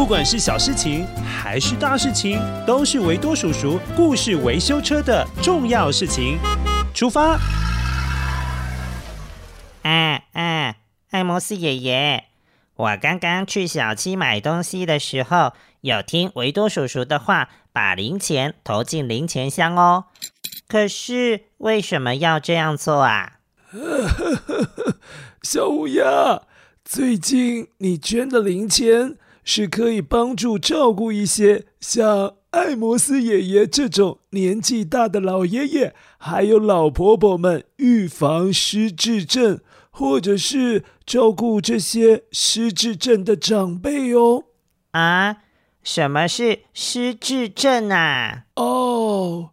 不管是小事情還是大事情，都是維多叔叔故事維修車的重要事情。出發！啊啊，艾摩斯爺爺，我剛剛去小七買東西的時候，有聽維多叔叔的話，把零錢投進零錢箱哦。可是為什麼要這樣做啊？ 小烏鴉，最近你捐的零錢，是可以幫助照顧一些像艾摩斯爺爺這種年紀大的老爺爺，還有老婆婆們預防失智症，或者是照顧這些失智症的長輩哦。啊，什麼是失智症啊？哦，oh,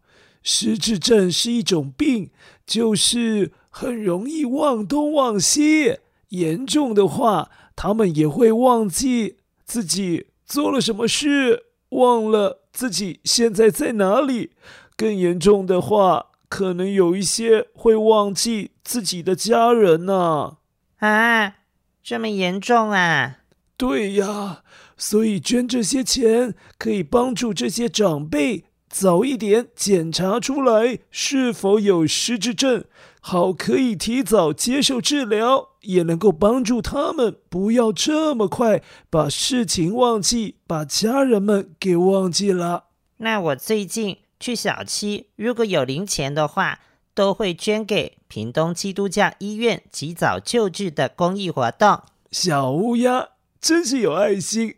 失智症是一種病，就是很容易忘東忘西，嚴重的話他們也會忘記。自己做了什麼事，忘了自己現在在哪裡。更嚴重的話，可能有一些會忘記自己的家人呢、啊。啊，這麼嚴重啊？對呀，所以捐這些錢可以幫助這些長輩早一點檢查出來是否有失智症。好，可以提早接受治療，也能夠幫助他們，不要這麼快把事情忘記，把家人們給忘記了。那我最近去小七，如果有零錢的話，都會捐給屏東基督教醫院及早救治的公益活動。小烏鴉真是有愛心。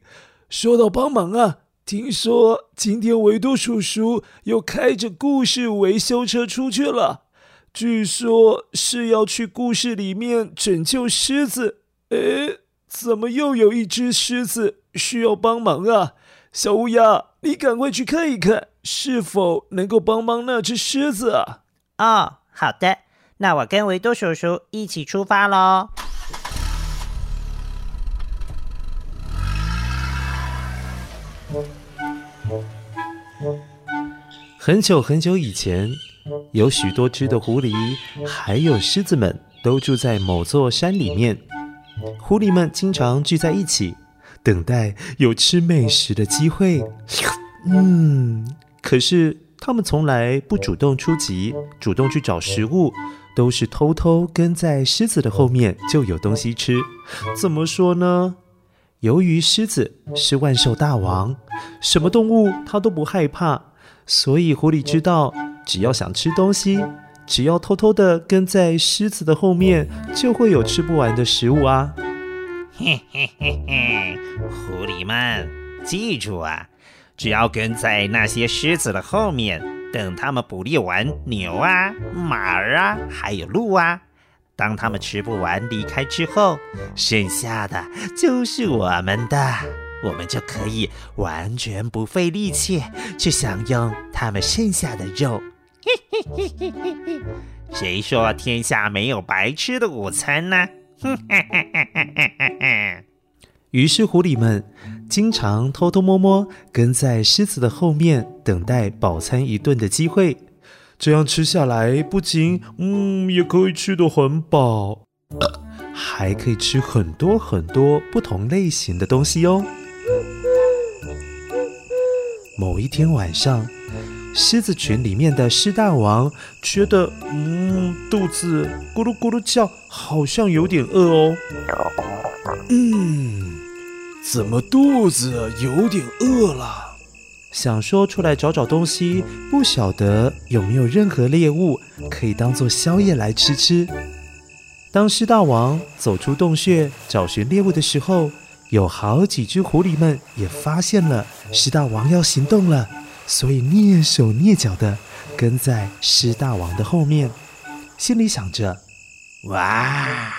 說到幫忙啊，聽說今天維多叔叔又開着故事維修車出去了。據說是要去故事裡面拯救獅子。哎，怎麼又有一只獅子需要幫忙啊？小烏鴉，你趕快去看一看，是否能夠幫幫那只獅子啊？哦，好的，那我跟維多叔叔一起出發嘍。很久很久以前。有許多只的狐狸，還有獅子們，都住在某座山裡面。狐狸們經常聚在一起，等待有吃美食的機會。嗯，可是它們從來不主動出擊，主動去找食物，都是偷偷跟在獅子的後面就有東西吃。怎麼說呢？由於獅子是萬獸大王，什麼動物它都不害怕，所以狐狸知道。只要想吃東西，只要偷偷地跟在獅子的後面，就會有吃不完的食物啊！嘿嘿嘿，嘿，狐狸們，記住啊，只要跟在那些獅子的後面，等他們捕獵完牛啊、馬兒啊，還有鹿啊，當他們吃不完離開之後，剩下的就是我們的，我們就可以完全不費力氣去享用他們剩下的肉。嘿，嘿嘿嘿嘿嘿，誰說天下沒有白吃的午餐呢？哼， 於是狐狸們經常偷偷摸摸跟在獅子的後面，等待飽餐一頓的機會。這樣吃下來，不僅嗯也可以吃的很飽、呃，還可以吃很多很多不同類型的東西喲、哦。某一天晚上。獅子群裡面的獅大王覺得，嗯，肚子咕嚕咕嚕叫，好像有點餓哦。嗯，怎麼肚子有點餓了？想說出來找找東西，不曉得有沒有任何獵物可以當做宵夜來吃吃。當獅大王走出洞穴找尋獵物的時候，有好幾隻狐狸們也發現了獅大王要行動了。所以躡手躡腳的跟在獅大王的後面，心裡想着：“哇，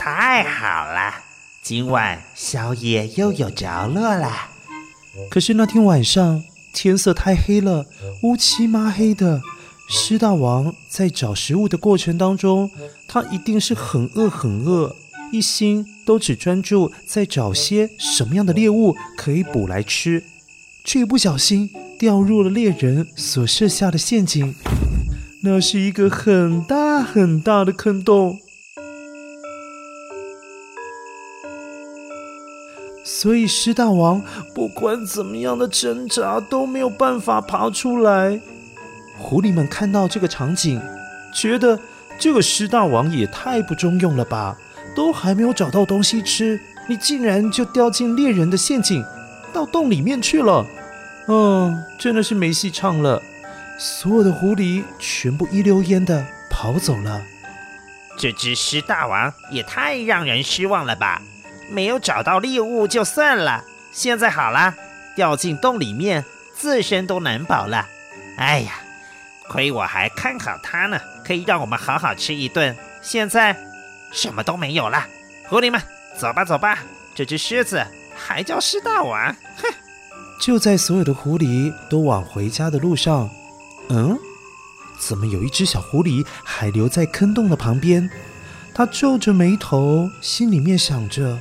太好了，今晚宵夜又有着落了。”可是那天晚上天色太黑了，烏漆抹黑的。獅大王在找食物的過程當中，他一定是很餓很餓，一心都只專注在找些什麼樣的獵物可以捕來吃。卻一不小心掉入了獵人所設下的陷阱，那是一個很大很大的坑洞，所以獅大王不管怎麼樣的掙扎都沒有辦法爬出來。狐狸們看到這個場景，覺得這個獅大王也太不中用了吧，都還沒有找到東西吃，你竟然就掉進獵人的陷阱，到洞裡面去了。嗯、哦，真的是沒戲唱了，所有的狐狸全部一溜煙的跑走了。這隻獅大王也太讓人失望了吧？沒有找到獵物就算了，現在好了，掉進洞裡面，自身都難保了。哎呀，虧我還看好它呢，可以讓我們好好吃一頓。現在什麼都沒有了，狐狸們，走吧，走吧，這隻獅子還叫獅大王，哼！就在所有的狐狸都往回家的路上，嗯，怎麼有一只小狐狸還留在坑洞的旁邊？它皺着眉頭，心裡面想着：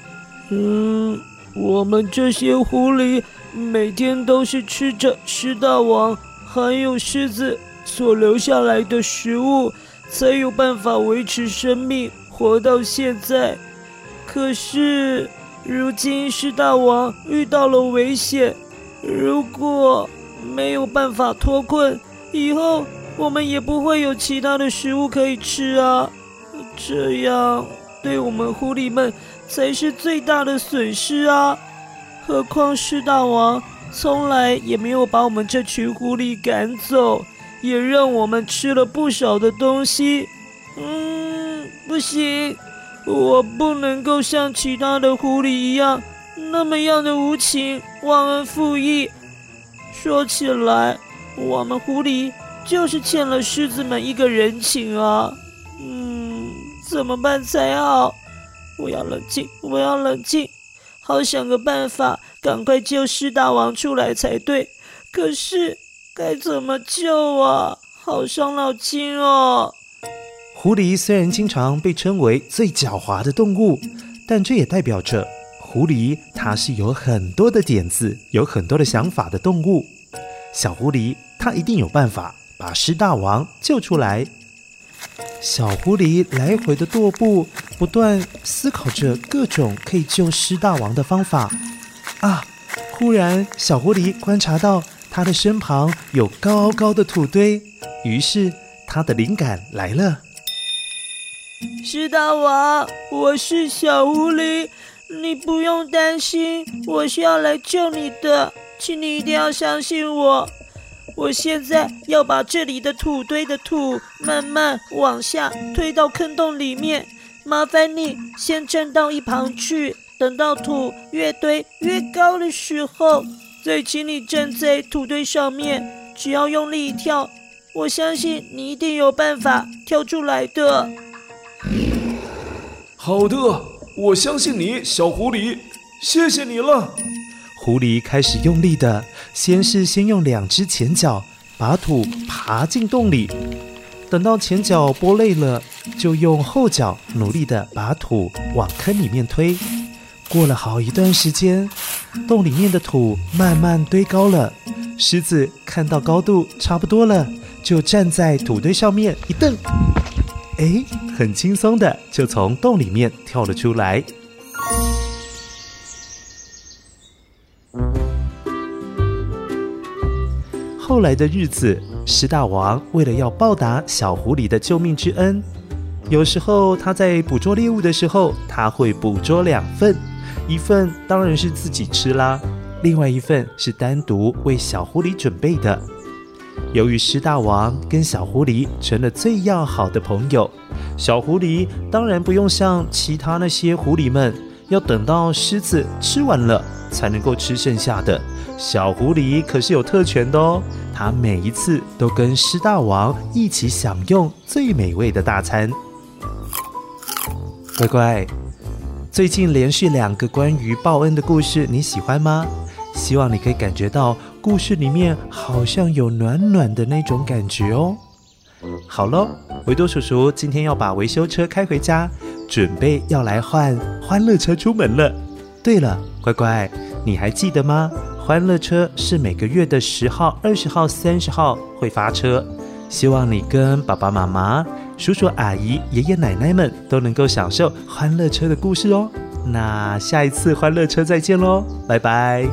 嗯，我們這些狐狸每天都是吃着獅大王還有獅子所留下來的食物，才有辦法維持生命，活到現在。可是如今獅大王遇到了危險。如果沒有辦法脫困，以後我們也不會有其他的食物可以吃啊！這樣對我們狐狸們才是最大的損失啊！何況獅大王，從來也沒有把我們這群狐狸趕走，也讓我們吃了不少的東西。嗯，不行，我不能夠像其他的狐狸一樣，那麼樣的無情。忘恩負義，說起來，我們狐狸就是欠了獅子們一個人情啊。嗯，怎麼辦才好？我要冷靜，我要冷靜，好想個辦法，趕快救獅大王出來才對。可是，該怎麼救啊？好傷腦筋哦。狐狸雖然經常被稱為最狡猾的動物，但這也代表着。狐狸，它是有很多的點子，有很多的想法的動物。小狐狸，它一定有辦法把獅大王救出來。小狐狸來回的踱步，不斷思考着各種可以救獅大王的方法。啊！忽然，小狐狸觀察到它的身旁有高高的土堆，於是它的靈感來了。獅大王，我是小狐狸。你不用擔心，我是要來救你的，請你一定要相信我。我現在要把這裡的土堆的土慢慢往下推到坑洞裡面，麻煩你先站到一旁去，等到土越堆越高的時候，再請你站在土堆上面，只要用力一跳，我相信你一定有辦法跳出來的。好的。我相信你，小狐狸，謝謝你了。狐狸開始用力的，先是先用兩隻前腳把土扒進洞裡，等到前腳撥累了，就用後腳努力的把土往坑裡面推。過了好一段時間，洞裡面的土慢慢堆高了。獅子看到高度差不多了，就站在土堆上面一蹬。哎，很輕鬆的就從洞裡面跳了出來。後來的日子，獅大王為了要報答小狐狸的救命之恩，有時候他在捕捉獵物的時候，他會捕捉兩份，一份當然是自己吃啦，另外一份是單獨為小狐狸準備的。由於獅大王跟小狐狸成了最要好的朋友，小狐狸當然不用像其他那些狐狸們，要等到獅子吃完了才能夠吃剩下的。小狐狸可是有特權的哦，它每一次都跟獅大王一起享用最美味的大餐。乖乖，最近連續兩個關於報恩的故事，你喜歡嗎？希望你可以感覺到故事裡面好像有暖暖的那種感覺哦。好咯，維多叔叔今天要把維修車開回家，準備要來換歡樂車出門了。對了，乖乖，你還記得嗎？歡樂車是每個月的十號、二十號、三十號會發車。希望你跟爸爸媽媽、叔叔阿姨、爺爺奶奶們都能夠享受歡樂車的故事哦。那下一次歡樂車再見嘍，拜拜。